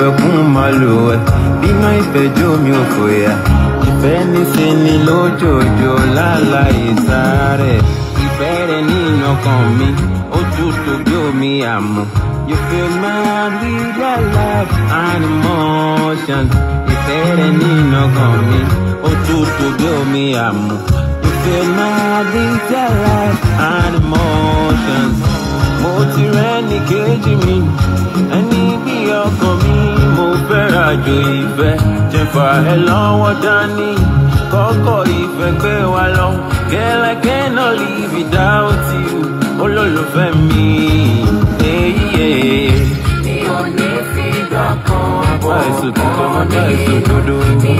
ìfẹ́ kún máa lò bínú ìfẹ́ mi ò fòyà ìfẹ́ níṣe ni lójoojó láláì sáré ìfẹ́ rẹ ní ìyànkan mi ó bí omi àmọ́ you feel my real love and emotion ìfẹ́ rẹ ní ìyànkan mi ó bí omi àmọ́ you feel my real love mo ti rẹ́ ní kejì mi ẹni àjò ìfẹ́ jẹ̀fà ẹ lọ́wọ́ dání kọ́kọ́ ìfẹ́ gbé wa lọ kẹ́lẹ́kẹ́ náà live without you olólùfẹ́ mi. mi ò ní fìgbà kan bọ̀ ọ́ ní mi